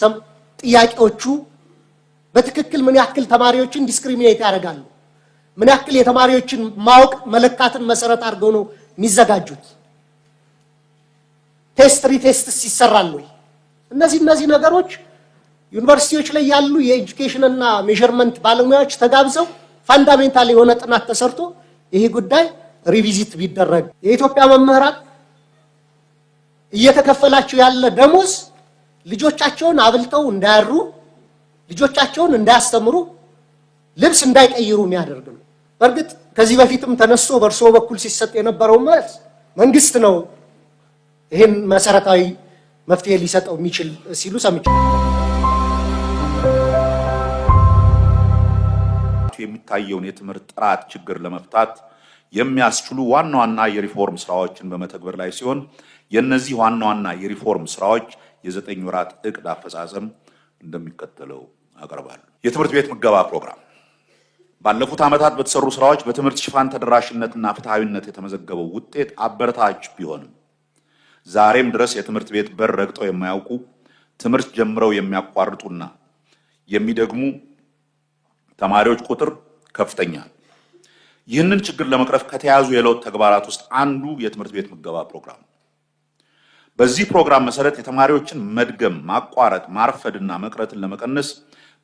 ሲስተም ጥያቄዎቹ በትክክል ምን ያክል ተማሪዎችን ዲስክሪሚኔት ያደርጋሉ፣ ምን ያክል የተማሪዎችን ማወቅ መለካትን መሰረት አድርገው ነው የሚዘጋጁት፣ ቴስት ሪቴስትስ ይሰራሉ ወይ? እነዚህ እነዚህ ነገሮች ዩኒቨርሲቲዎች ላይ ያሉ የኤጁኬሽን እና ሜዥርመንት ባለሙያዎች ተጋብዘው ፋንዳሜንታል የሆነ ጥናት ተሰርቶ ይሄ ጉዳይ ሪቪዚት ቢደረግ የኢትዮጵያ መምህራን እየተከፈላቸው ያለ ደሞዝ ልጆቻቸውን አብልጠው እንዳያሩ፣ ልጆቻቸውን እንዳያስተምሩ፣ ልብስ እንዳይቀይሩ የሚያደርግ ነው። በእርግጥ ከዚህ በፊትም ተነስቶ በእርስዎ በኩል ሲሰጥ የነበረው መልስ መንግስት ነው ይህን መሰረታዊ መፍትሄ ሊሰጠው የሚችል ሲሉ ሰምቼ የሚታየውን የትምህርት ጥራት ችግር ለመፍታት የሚያስችሉ ዋና ዋና የሪፎርም ስራዎችን በመተግበር ላይ ሲሆን የእነዚህ ዋና ዋና የሪፎርም ስራዎች የዘጠኝ ወራት እቅድ አፈጻጸም እንደሚከተለው አቀርባለሁ። የትምህርት ቤት ምገባ ፕሮግራም ባለፉት ዓመታት በተሰሩ ስራዎች በትምህርት ሽፋን ተደራሽነትና ፍትሐዊነት የተመዘገበው ውጤት አበረታች ቢሆንም ዛሬም ድረስ የትምህርት ቤት በር ረግጠው የማያውቁ ትምህርት ጀምረው የሚያቋርጡና የሚደግሙ ተማሪዎች ቁጥር ከፍተኛ ነው። ይህንን ችግር ለመቅረፍ ከተያዙ የለውጥ ተግባራት ውስጥ አንዱ የትምህርት ቤት ምገባ ፕሮግራም በዚህ ፕሮግራም መሰረት የተማሪዎችን መድገም፣ ማቋረጥ፣ ማርፈድና መቅረትን ለመቀነስ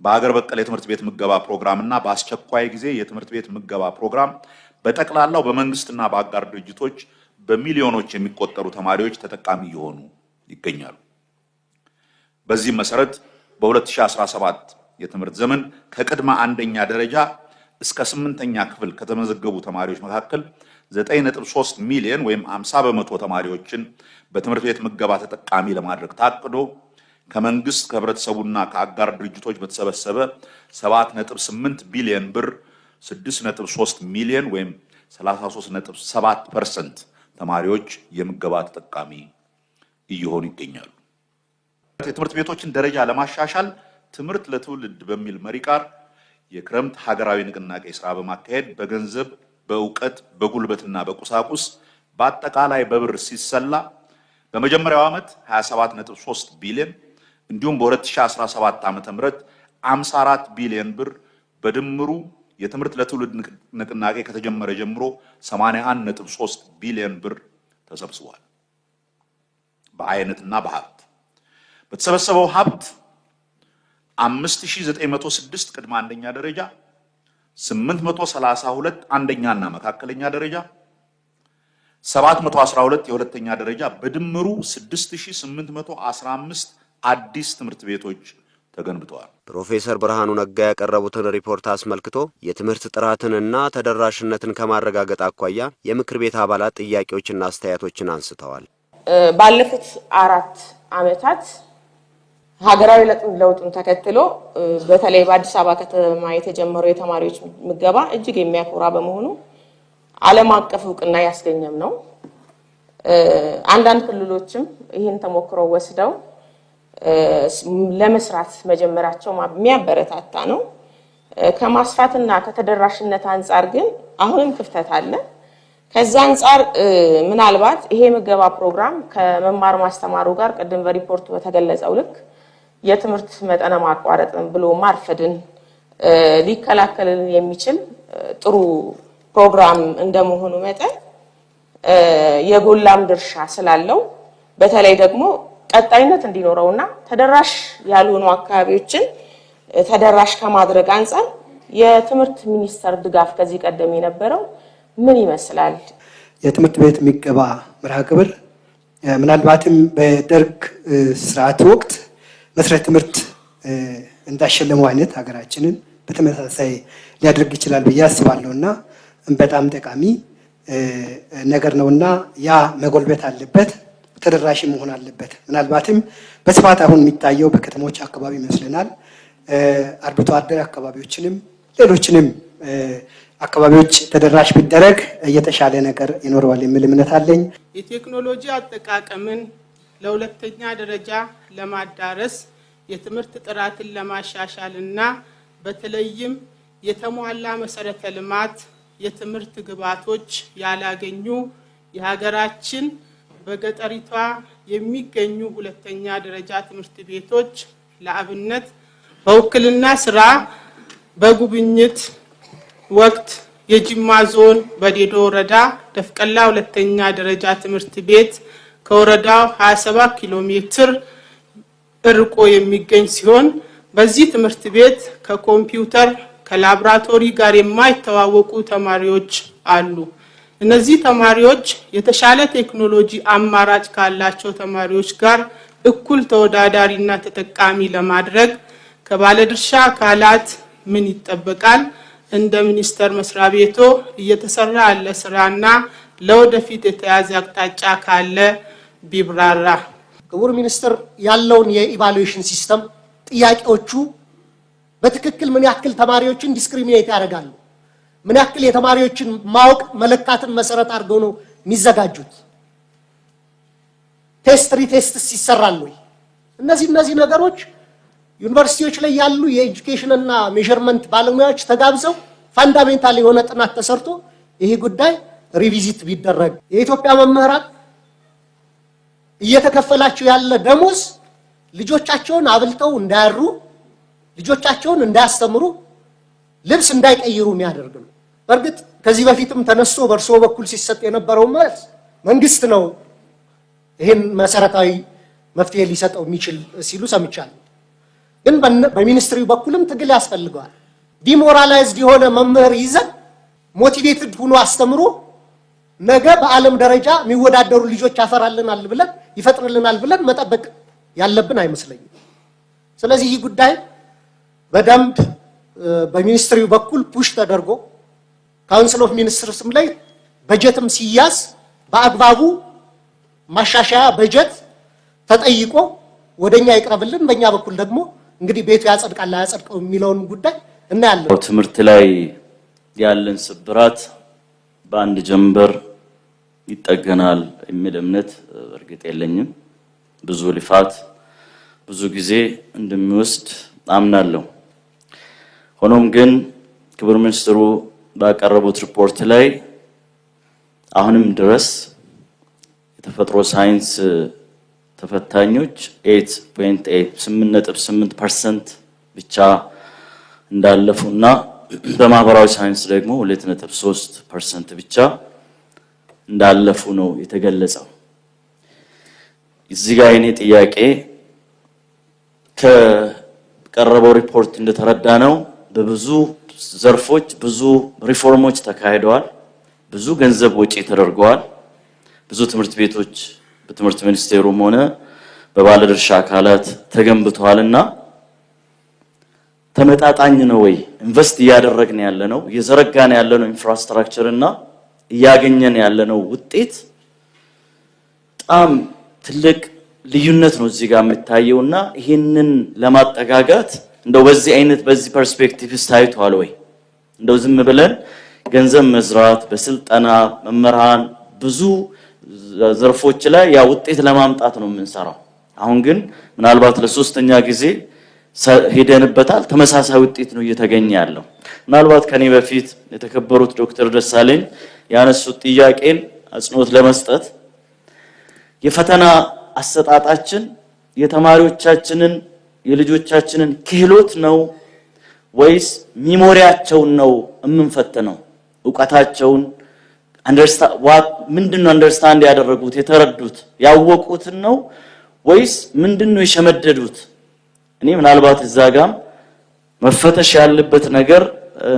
በሀገር በቀል የትምህርት ቤት ምገባ ፕሮግራም እና በአስቸኳይ ጊዜ የትምህርት ቤት ምገባ ፕሮግራም በጠቅላላው በመንግስትና በአጋር ድርጅቶች በሚሊዮኖች የሚቆጠሩ ተማሪዎች ተጠቃሚ እየሆኑ ይገኛሉ። በዚህም መሰረት በ2017 የትምህርት ዘመን ከቅድመ አንደኛ ደረጃ እስከ ስምንተኛ ክፍል ከተመዘገቡ ተማሪዎች መካከል 9.3 ሚሊዮን ወይም 50 በመቶ ተማሪዎችን በትምህርት ቤት ምገባ ተጠቃሚ ለማድረግ ታቅዶ ከመንግስት ከህብረተሰቡና ከአጋር ድርጅቶች በተሰበሰበ 7.8 ቢሊዮን ብር 6.3 ሚሊዮን ወይም 33.7 ፐርሰንት ተማሪዎች የምገባ ተጠቃሚ እየሆኑ ይገኛሉ። የትምህርት ቤቶችን ደረጃ ለማሻሻል ትምህርት ለትውልድ በሚል መሪ ቃል የክረምት ሀገራዊ ንቅናቄ ስራ በማካሄድ በገንዘብ በእውቀት በጉልበትና በቁሳቁስ በአጠቃላይ በብር ሲሰላ በመጀመሪያው ዓመት 27.3 ቢሊዮን እንዲሁም በ2017 ዓ.ም 54 ቢሊዮን ብር በድምሩ የትምህርት ለትውልድ ንቅናቄ ከተጀመረ ጀምሮ 81.3 ቢሊዮን ብር ተሰብስቧል። በአይነትና በሀብት በተሰበሰበው ሀብት 5906 ቅድመ አንደኛ ደረጃ 832 አንደኛ እና መካከለኛ ደረጃ 712 የሁለተኛ ደረጃ በድምሩ 6815 አዲስ ትምህርት ቤቶች ተገንብተዋል። ፕሮፌሰር ብርሃኑ ነጋ ያቀረቡትን ሪፖርት አስመልክቶ የትምህርት ጥራትንና ተደራሽነትን ከማረጋገጥ አኳያ የምክር ቤት አባላት ጥያቄዎችና አስተያየቶችን አንስተዋል። ባለፉት አራት ዓመታት ሀገራዊ ለውጡን ተከትሎ በተለይ በአዲስ አበባ ከተማ የተጀመረው የተማሪዎች ምገባ እጅግ የሚያኮራ በመሆኑ ዓለም አቀፍ እውቅና ያስገኘም ነው። አንዳንድ ክልሎችም ይህን ተሞክሮ ወስደው ለመስራት መጀመራቸው የሚያበረታታ ነው። ከማስፋትና ከተደራሽነት አንጻር ግን አሁንም ክፍተት አለ። ከዛ አንጻር ምናልባት ይሄ ምገባ ፕሮግራም ከመማር ማስተማሩ ጋር ቅድም በሪፖርቱ በተገለጸው ልክ የትምህርት መጠነ ማቋረጥን ብሎ ማርፈድን ሊከላከልልን የሚችል ጥሩ ፕሮግራም እንደመሆኑ መጠን የጎላም ድርሻ ስላለው በተለይ ደግሞ ቀጣይነት እንዲኖረውና ተደራሽ ያልሆኑ አካባቢዎችን ተደራሽ ከማድረግ አንጻር የትምህርት ሚኒስቴር ድጋፍ ከዚህ ቀደም የነበረው ምን ይመስላል? የትምህርት ቤት ምገባ መርሃ ግብር ምናልባትም በደርግ ስርዓት ወቅት መሰረተ ትምህርት እንዳሸለመው አይነት ሀገራችንን በተመሳሳይ ሊያደርግ ይችላል ብዬ አስባለሁ እና በጣም ጠቃሚ ነገር ነው እና ያ መጎልበት አለበት፣ ተደራሽ መሆን አለበት። ምናልባትም በስፋት አሁን የሚታየው በከተሞች አካባቢ ይመስለናል። አርብቶ አደር አካባቢዎችንም ሌሎችንም አካባቢዎች ተደራሽ ቢደረግ የተሻለ ነገር ይኖረዋል የሚል እምነት አለኝ። የቴክኖሎጂ አጠቃቀምን ለሁለተኛ ደረጃ ለማዳረስ የትምህርት ጥራትን ለማሻሻል እና በተለይም የተሟላ መሰረተ ልማት የትምህርት ግብዓቶች ያላገኙ የሀገራችን በገጠሪቷ የሚገኙ ሁለተኛ ደረጃ ትምህርት ቤቶች ለአብነት በውክልና ስራ በጉብኝት ወቅት የጅማ ዞን በዴዶ ወረዳ ደፍቀላ ሁለተኛ ደረጃ ትምህርት ቤት ከወረዳው 27 ኪሎ ሜትር እርቆ የሚገኝ ሲሆን በዚህ ትምህርት ቤት ከኮምፒውተር ከላብራቶሪ ጋር የማይተዋወቁ ተማሪዎች አሉ። እነዚህ ተማሪዎች የተሻለ ቴክኖሎጂ አማራጭ ካላቸው ተማሪዎች ጋር እኩል ተወዳዳሪና ተጠቃሚ ለማድረግ ከባለድርሻ አካላት ምን ይጠበቃል? እንደ ሚኒስቴር መስሪያ ቤቶ እየተሰራ ያለ ስራና ለወደፊት የተያዘ አቅጣጫ ካለ ቢብራራ። ክቡር ሚኒስትር ያለውን የኢቫሉዌሽን ሲስተም ጥያቄዎቹ በትክክል ምን ያክል ተማሪዎችን ዲስክሪሚኔት ያደርጋሉ? ምን ያክል የተማሪዎችን ማወቅ መለካትን መሰረት አድርገው ነው የሚዘጋጁት? ቴስት ሪቴስትስ ይሰራሉ ወይ? እነዚህ እነዚህ ነገሮች ዩኒቨርሲቲዎች ላይ ያሉ የኤጁኬሽን እና ሜዥርመንት ባለሙያዎች ተጋብዘው ፋንዳሜንታል የሆነ ጥናት ተሰርቶ ይሄ ጉዳይ ሪቪዚት ቢደረግ የኢትዮጵያ መምህራን እየተከፈላቸው ያለ ደሞዝ ልጆቻቸውን አብልተው እንዳያሩ፣ ልጆቻቸውን እንዳያስተምሩ፣ ልብስ እንዳይቀይሩ የሚያደርግ ነው። በእርግጥ ከዚህ በፊትም ተነስቶ በእርስዎ በኩል ሲሰጥ የነበረው መልስ መንግስት ነው ይህን መሰረታዊ መፍትሄ ሊሰጠው የሚችል ሲሉ ሰምቻለሁ። ግን በሚኒስትሪ በኩልም ትግል ያስፈልገዋል። ዲሞራላይዝድ የሆነ መምህር ይዘን ሞቲቬትድ ሁኖ አስተምሮ ነገ በዓለም ደረጃ የሚወዳደሩ ልጆች ያፈራልናል ብለን ይፈጥርልናል ብለን መጠበቅ ያለብን አይመስለኝም። ስለዚህ ይህ ጉዳይ በደንብ በሚኒስትሪው በኩል ፑሽ ተደርጎ ካውንስል ኦፍ ሚኒስትርስም ላይ በጀትም ሲያዝ በአግባቡ ማሻሻያ በጀት ተጠይቆ ወደኛ ይቅረብልን። በእኛ በኩል ደግሞ እንግዲህ ቤቱ ያጸድቃል አያጸድቀው የሚለውን ጉዳይ እናያለን። ትምህርት ላይ ያለን ስብራት በአንድ ጀንበር ይጠገናል የሚል እምነት እርግጥ የለኝም። ብዙ ልፋት፣ ብዙ ጊዜ እንደሚወስድ አምናለሁ። ሆኖም ግን ክቡር ሚኒስትሩ ባቀረቡት ሪፖርት ላይ አሁንም ድረስ የተፈጥሮ ሳይንስ ተፈታኞች 8.8 ፐርሰንት ብቻ እንዳለፉ እና በማህበራዊ ሳይንስ ደግሞ 2.3 ፐርሰንት ብቻ እንዳለፉ ነው የተገለጸው። እዚህ ጋር የኔ ጥያቄ ከቀረበው ሪፖርት እንደተረዳ ነው በብዙ ዘርፎች ብዙ ሪፎርሞች ተካሂደዋል። ብዙ ገንዘብ ወጪ ተደርገዋል። ብዙ ትምህርት ቤቶች በትምህርት ሚኒስቴሩም ሆነ በባለድርሻ አካላት ተገንብተዋልና ተመጣጣኝ ነው ወይ? ኢንቨስት እያደረግን ያለ ነው እየዘረጋን ያለ ነው ኢንፍራስትራክቸር እና እያገኘን ያለነው ውጤት በጣም ትልቅ ልዩነት ነው እዚህ ጋር የሚታየው እና ይህንን ለማጠጋጋት እንደው በዚህ አይነት በዚህ ፐርስፔክቲቭ ታይቷል ወይ? እንደው ዝም ብለን ገንዘብ መዝራት በስልጠና መምህራን ብዙ ዘርፎች ላይ ያ ውጤት ለማምጣት ነው የምንሰራው። አሁን ግን ምናልባት ለሶስተኛ ጊዜ ሄደንበታል። ተመሳሳይ ውጤት ነው እየተገኘ ያለው። ምናልባት ከኔ በፊት የተከበሩት ዶክተር ደሳለኝ ያነሱት ጥያቄን አጽንኦት ለመስጠት የፈተና አሰጣጣችን የተማሪዎቻችንን የልጆቻችንን ክህሎት ነው ወይስ ሚሞሪያቸውን ነው የምንፈትነው? እውቀታቸውን ምንድነው አንደርስታንድ ያደረጉት የተረዱት ያወቁትን ነው ወይስ ምንድነው የሸመደዱት? እኔ ምናልባት እዛ ጋም መፈተሽ ያለበት ነገር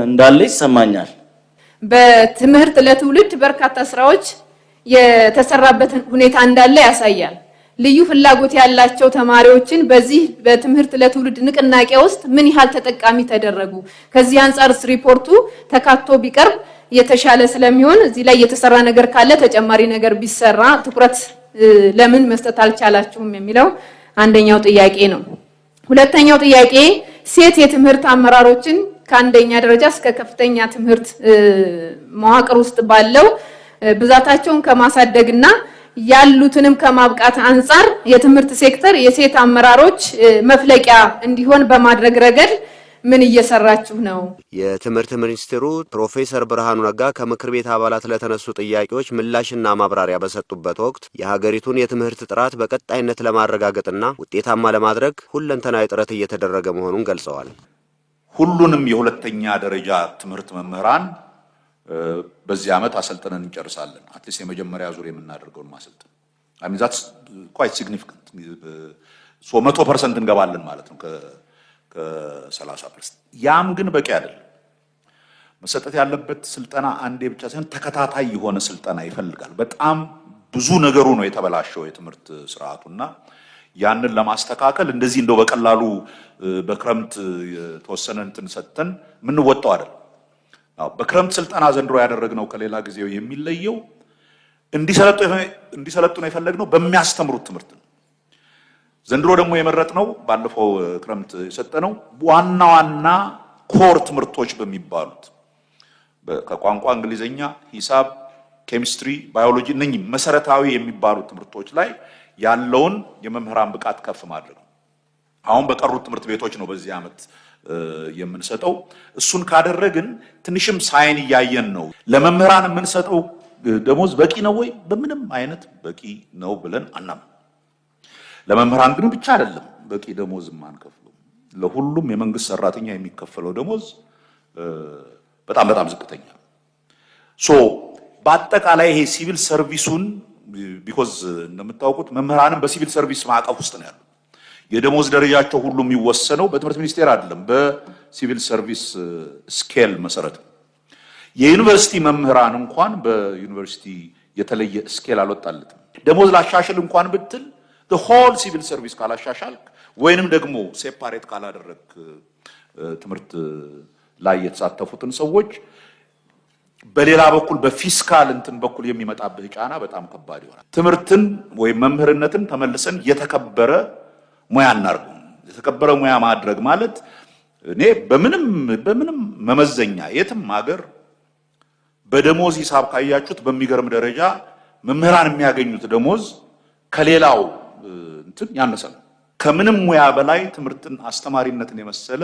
እንዳለ ይሰማኛል። በትምህርት ለትውልድ በርካታ ስራዎች የተሰራበት ሁኔታ እንዳለ ያሳያል። ልዩ ፍላጎት ያላቸው ተማሪዎችን በዚህ በትምህርት ለትውልድ ንቅናቄ ውስጥ ምን ያህል ተጠቃሚ ተደረጉ? ከዚህ አንጻር ሪፖርቱ ተካቶ ቢቀርብ የተሻለ ስለሚሆን እዚህ ላይ የተሰራ ነገር ካለ ተጨማሪ ነገር ቢሰራ፣ ትኩረት ለምን መስጠት አልቻላችሁም የሚለው አንደኛው ጥያቄ ነው። ሁለተኛው ጥያቄ ሴት የትምህርት አመራሮችን ከአንደኛ ደረጃ እስከ ከፍተኛ ትምህርት መዋቅር ውስጥ ባለው ብዛታቸውን ከማሳደግና ያሉትንም ከማብቃት አንጻር የትምህርት ሴክተር የሴት አመራሮች መፍለቂያ እንዲሆን በማድረግ ረገድ ምን እየሰራችሁ ነው? የትምህርት ሚኒስትሩ ፕሮፌሰር ብርሃኑ ነጋ ከምክር ቤት አባላት ለተነሱ ጥያቄዎች ምላሽና ማብራሪያ በሰጡበት ወቅት የሀገሪቱን የትምህርት ጥራት በቀጣይነት ለማረጋገጥና ውጤታማ ለማድረግ ሁለንተናዊ ጥረት እየተደረገ መሆኑን ገልጸዋል። ሁሉንም የሁለተኛ ደረጃ ትምህርት መምህራን በዚህ ዓመት አሰልጥነን እንጨርሳለን። አትሊስት የመጀመሪያ ዙር የምናደርገውን ማሰልጥን አሚዛት ኳይት ሲግኒፊካንት ሶ መቶ ፐርሰንት እንገባለን ማለት ነው ከሰላሳ ፐርሰንት። ያም ግን በቂ አይደለም። መሰጠት ያለበት ስልጠና አንዴ ብቻ ሳይሆን ተከታታይ የሆነ ስልጠና ይፈልጋል። በጣም ብዙ ነገሩ ነው የተበላሸው የትምህርት ስርዓቱና ያንን ለማስተካከል እንደዚህ እንደው በቀላሉ በክረምት የተወሰነ እንትን ሰጥተን የምንወጣው አይደል። በክረምት ስልጠና ዘንድሮ ያደረግነው ከሌላ ጊዜው የሚለየው ነው የፈለግነው በሚያስተምሩት ትምህርት ነው። ዘንድሮ ደግሞ የመረጥነው ባለፈው ክረምት የሰጠነው ዋና ዋና ኮር ትምህርቶች በሚባሉት ከቋንቋ፣ እንግሊዝኛ፣ ሂሳብ፣ ኬሚስትሪ፣ ባዮሎጂ እነኚህ መሰረታዊ የሚባሉ ትምህርቶች ላይ ያለውን የመምህራን ብቃት ከፍ ማድረግ ነው። አሁን በቀሩት ትምህርት ቤቶች ነው በዚህ ዓመት የምንሰጠው። እሱን ካደረግን ትንሽም ሳይን እያየን ነው። ለመምህራን የምንሰጠው ደሞዝ በቂ ነው ወይ? በምንም አይነት በቂ ነው ብለን አናም። ለመምህራን ግን ብቻ አይደለም በቂ ደሞዝ የማንከፍለው። ለሁሉም የመንግስት ሰራተኛ የሚከፈለው ደሞዝ በጣም በጣም ዝቅተኛ ሶ በአጠቃላይ ይሄ ሲቪል ሰርቪሱን ቢኮዝ uh, እንደምታውቁት መምህራንም በሲቪል ሰርቪስ ማዕቀፍ ውስጥ ነው ያሉ። የደሞዝ ደረጃቸው ሁሉ የሚወሰነው በትምህርት ሚኒስቴር አይደለም፣ በሲቪል ሰርቪስ uh, ስኬል መሰረት ነው። የዩኒቨርሲቲ መምህራን እንኳን በዩኒቨርሲቲ የተለየ ስኬል አልወጣለትም። ደሞዝ ላሻሽል እንኳን ብትል ሆል ሲቪል ሰርቪስ ካላሻሻልክ ወይንም ደግሞ ሴፓሬት ካላደረግ uh, ትምህርት ላይ የተሳተፉትን ሰዎች በሌላ በኩል በፊስካል እንትን በኩል የሚመጣብህ ጫና በጣም ከባድ ይሆናል። ትምህርትን ወይም መምህርነትን ተመልሰን የተከበረ ሙያ እናድርገው። የተከበረ ሙያ ማድረግ ማለት እኔ በምንም በምንም መመዘኛ የትም ሀገር በደሞዝ ሂሳብ ካያችሁት በሚገርም ደረጃ መምህራን የሚያገኙት ደሞዝ ከሌላው እንትን ያነሰ ነው። ከምንም ሙያ በላይ ትምህርትን አስተማሪነትን የመሰለ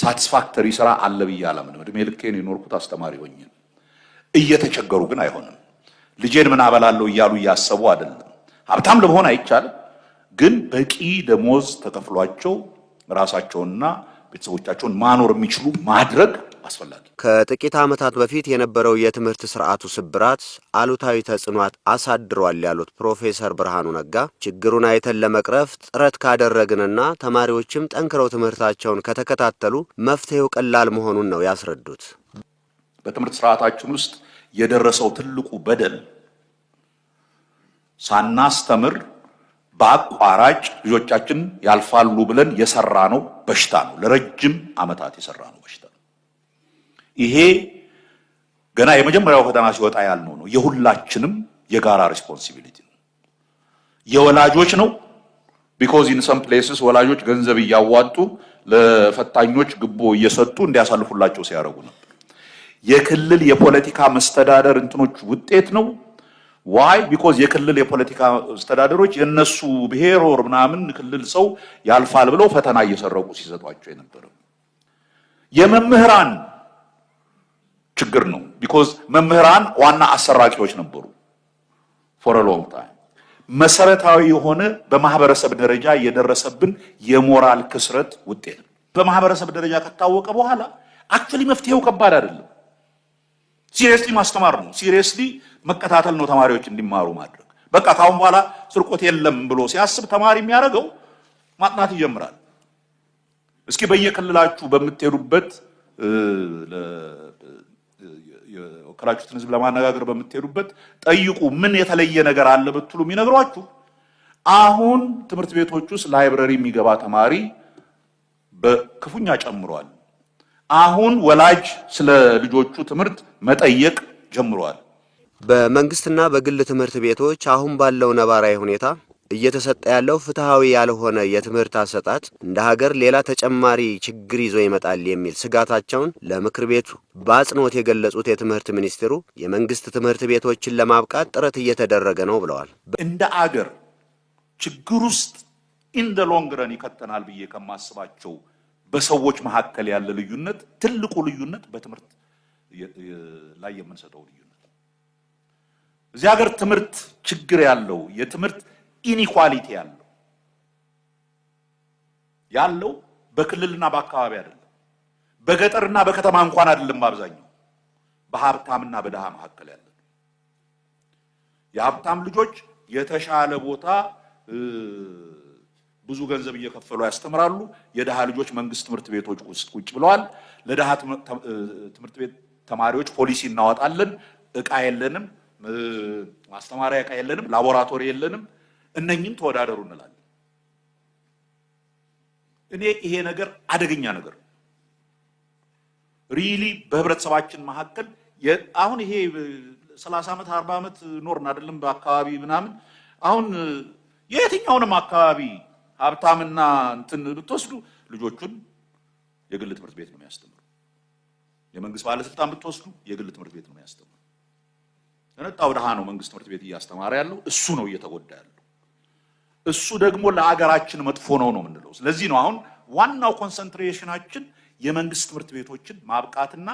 ሳትስፋክተሪ ስራ አለ ብዬ አላምንም። እድሜ ልኬን የኖርኩት አስተማሪ ሆኜ እየተቸገሩ ግን አይሆንም። ልጄን ምን አበላለሁ እያሉ እያሰቡ አይደለም። ሀብታም ለመሆን አይቻልም፣ ግን በቂ ደሞዝ ተከፍሏቸው ራሳቸውና ቤተሰቦቻቸውን ማኖር የሚችሉ ማድረግ አስፈላጊ። ከጥቂት ዓመታት በፊት የነበረው የትምህርት ስርዓቱ ስብራት አሉታዊ ተጽዕኖት አሳድሯል ያሉት ፕሮፌሰር ብርሃኑ ነጋ ችግሩን አይተን ለመቅረፍ ጥረት ካደረግንና ተማሪዎችም ጠንክረው ትምህርታቸውን ከተከታተሉ መፍትሄው ቀላል መሆኑን ነው ያስረዱት። በትምህርት ስርዓታችን ውስጥ የደረሰው ትልቁ በደል ሳናስተምር በአቋራጭ ልጆቻችን ያልፋሉ ብለን የሰራ ነው በሽታ ነው። ለረጅም ዓመታት የሰራ ነው በሽታ ይሄ ገና የመጀመሪያው ፈተና ሲወጣ ያልነው ነው። የሁላችንም የጋራ ሪስፖንሲቢሊቲ ነው። የወላጆች ነው። ቢኮዝ ኢን ሰም ፕሌስስ ወላጆች ገንዘብ እያዋጡ ለፈታኞች ግቦ እየሰጡ እንዲያሳልፉላቸው ሲያደርጉ ነው። የክልል የፖለቲካ መስተዳደር እንትኖች ውጤት ነው። ዋይ ቢኮዝ የክልል የፖለቲካ መስተዳደሮች የእነሱ ብሔር ወር ምናምን ክልል ሰው ያልፋል ብለው ፈተና እየሰረቁ ሲሰጧቸው የነበረው የመምህራን ችግር ነው። ቢኮዝ መምህራን ዋና አሰራቂዎች ነበሩ ፎር ሎንግ ታይም። መሰረታዊ የሆነ በማህበረሰብ ደረጃ የደረሰብን የሞራል ክስረት ውጤት ነው። በማህበረሰብ ደረጃ ከታወቀ በኋላ አክቹዋሊ መፍትሄው ከባድ አይደለም። ሲሪየስሊ ማስተማር ነው። ሲሪየስሊ መከታተል ነው። ተማሪዎች እንዲማሩ ማድረግ በቃ ካሁን በኋላ ስርቆት የለም ብሎ ሲያስብ ተማሪ የሚያደርገው ማጥናት ይጀምራል። እስኪ በየክልላችሁ በምትሄዱበት የወከላችሁትን ህዝብ ለማነጋገር በምትሄዱበት ጠይቁ። ምን የተለየ ነገር አለ ብትሉ የሚነግሯችሁ አሁን ትምህርት ቤቶች ውስጥ ላይብረሪ የሚገባ ተማሪ በክፉኛ ጨምሯል። አሁን ወላጅ ስለ ልጆቹ ትምህርት መጠየቅ ጀምሯል። በመንግስትና በግል ትምህርት ቤቶች አሁን ባለው ነባራዊ ሁኔታ እየተሰጠ ያለው ፍትሐዊ ያልሆነ የትምህርት አሰጣጥ እንደ ሀገር ሌላ ተጨማሪ ችግር ይዞ ይመጣል የሚል ስጋታቸውን ለምክር ቤቱ በአጽንኦት የገለጹት የትምህርት ሚኒስትሩ የመንግስት ትምህርት ቤቶችን ለማብቃት ጥረት እየተደረገ ነው ብለዋል። እንደ አገር ችግር ውስጥ ኢንደ ሎንግረን ይከተናል ብዬ ከማስባቸው በሰዎች መካከል ያለ ልዩነት ትልቁ ልዩነት በትምህርት ላይ የምንሰጠው ልዩነት እዚህ ሀገር ትምህርት ችግር ያለው የትምህርት ኢኒኳሊቲ ያለው ያለው በክልልና በአካባቢ አይደለም፣ በገጠርና በከተማ እንኳን አይደለም። አብዛኛው በሀብታምና በድሃ መካከል ያለ የሀብታም ልጆች የተሻለ ቦታ ብዙ ገንዘብ እየከፈሉ ያስተምራሉ። የድሃ ልጆች መንግስት ትምህርት ቤቶች ውስጥ ቁጭ ብለዋል። ለድሃ ትምህርት ቤት ተማሪዎች ፖሊሲ እናወጣለን። እቃ የለንም፣ ማስተማሪያ እቃ የለንም፣ ላቦራቶሪ የለንም እነኝም ተወዳደሩ እንላለን። እኔ ይሄ ነገር አደገኛ ነገር ሪሊ በህብረተሰባችን መካከል አሁን ይሄ ሰላሳ ዓመት አርባ ዓመት ኖርን አይደለም በአካባቢ ምናምን አሁን የየትኛውንም አካባቢ ሀብታምና እንትን ብትወስዱ ልጆቹን የግል ትምህርት ቤት ነው የሚያስተምሩ። የመንግስት ባለስልጣን ብትወስዱ የግል ትምህርት ቤት ነው የሚያስተምሩ። ተነጣ ወደ ነው መንግስት ትምህርት ቤት እያስተማረ ያለው እሱ ነው እየተጎዳ ያለው። እሱ ደግሞ ለአገራችን መጥፎ ነው ነው የምንለው። ስለዚህ ነው አሁን ዋናው ኮንሰንትሬሽናችን የመንግስት ትምህርት ቤቶችን ማብቃትና